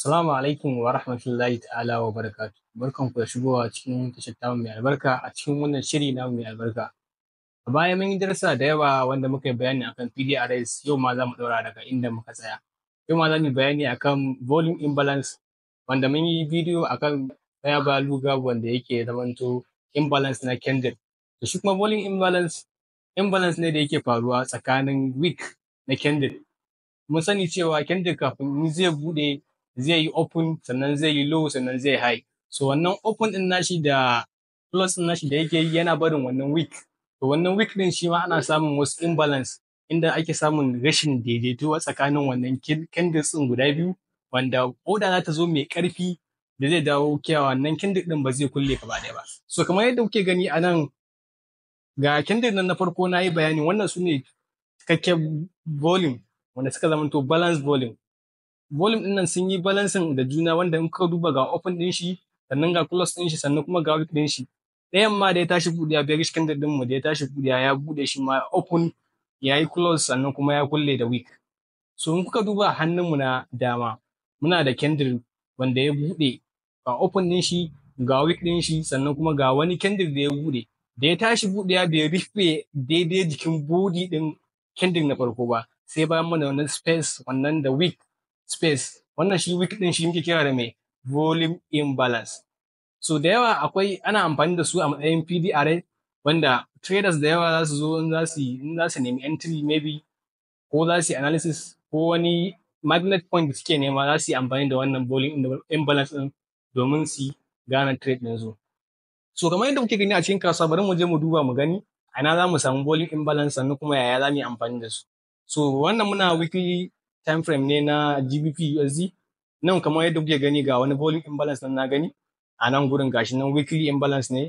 Salamu alaikum wa rahmatullahi ta'ala wa barakatu. Barkan ku da shigowa cikin tashar tamu mai albarka a cikin wannan shiri na mai albarka. A baya mun yi darasa da yawa wanda muka yi bayani akan PDRS yau ma za mu ɗora daga inda muka tsaya. Yau ma za mu bayani akan volume imbalance wanda mun yi bidiyo akan ba luga wanda yake zamanto imbalance na candle. Da shi kuma volume imbalance imbalance ne da yake faruwa tsakanin week na candle. Mun sani cewa candle kafin zai bude zai yi open sannan zai yi low sannan zai high so wannan open din nashi da plus din nashi da yake yi yana barin wannan weak to wannan weak din shi ma ana samun wasu imbalance inda ake samun rashin daidaito tsakanin wannan candles din guda biyu wanda oda za ta zo mai karfi da zai dawo kyawa nan candle din ba zai kulle gaba ɗaya ba so kamar yadda kuke gani a nan ga candle nan na farko na yi bayani wannan su ne cikakken volume wanda suka zama to balance volume volume ɗin nan sun yi balancing da juna wanda in ka duba ga open din shi sannan ga close din shi sannan kuma ga weak din shi ɗayan ma da ya tashi buɗiya bearish candle din mu da ya tashi buɗiya ya buɗe shi ma open ya yi close sannan kuma ya kulle da weak so in kuka duba hannun mu na dama muna da candle wanda ya buɗe ga open din shi ga weak din shi sannan kuma ga wani candle da ya buɗe da ya tashi buɗiya bai rufe daidai jikin body ɗin candle na farko ba sai bayan mana wannan space wannan da weak space wannan shi weak din shi muke kira da mai volume imbalance so da yawa akwai ana amfani da su a matsayin PDR wanda traders da yawa za su zo in za su in za su nemi entry maybe ko za su analysis ko wani magnet point da suke nema za su amfani da wannan volume imbalance din domin su gane trade din zo so kamar yadda kuke gani a cikin kasuwa bari mu je mu duba mu gani a ina za mu samu volume imbalance sannan kuma yaya za mu yi amfani da su so wannan muna weekly time frame ne na GBP USD nan kamar yadda kuke gani ga wani volume imbalance nan na gani a nan gurin gashi nan weekly imbalance ne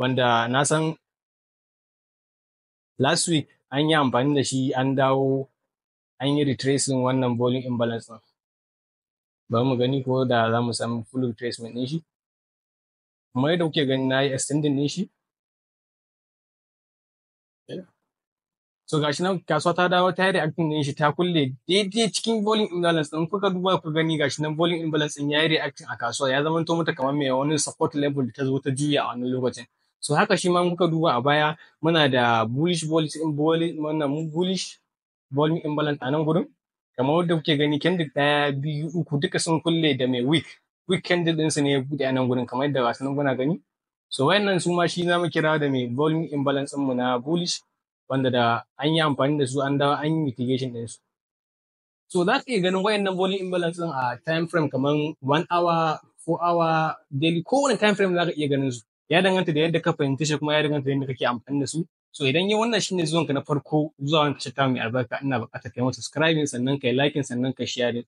wanda na san last week an yi amfani da shi an dawo an yi retracing wannan volume imbalance din ba mu gani ko da za mu samu full retracement din shi kamar yadda kuke gani na yi extending din shi so shi nan kasuwa ta dawo ta yi reacting din shi ta kulle daidai cikin volume imbalance din kuka duba ku gani ga shi nan volume imbalance din ya yi reacting a kasuwa ya zama to mata kamar mai wani support level da ta zo ta juya a wannan lokacin so haka shi ma kuka duba a baya muna da bullish muna mu bullish volume imbalance a nan gurin kamar wadda kuke gani candle ɗaya biyu uku duka sun kulle da mai weak weak candle ɗinsu ne ya buɗe a nan gurin kamar yadda gasu nan kuna gani so wayannan su ma shi za mu kira da mai volume imbalance mu na bullish wanda da an yi amfani da su an dawo an yi mitigation ɗinsu. So za ka iya ganin wayannan volume imbalance din a time frame kamar one hour, four hour, daily kowane time frame za ka iya ganin su. Ya danganta da yadda ka fahimta shi kuma ya danganta da yadda kake amfani da su. So idan yi wannan shine zuwanka na farko zuwa wani tashar ta mai albarka ina bukatar kai mu subscribing sannan kai liking sannan kai sharing.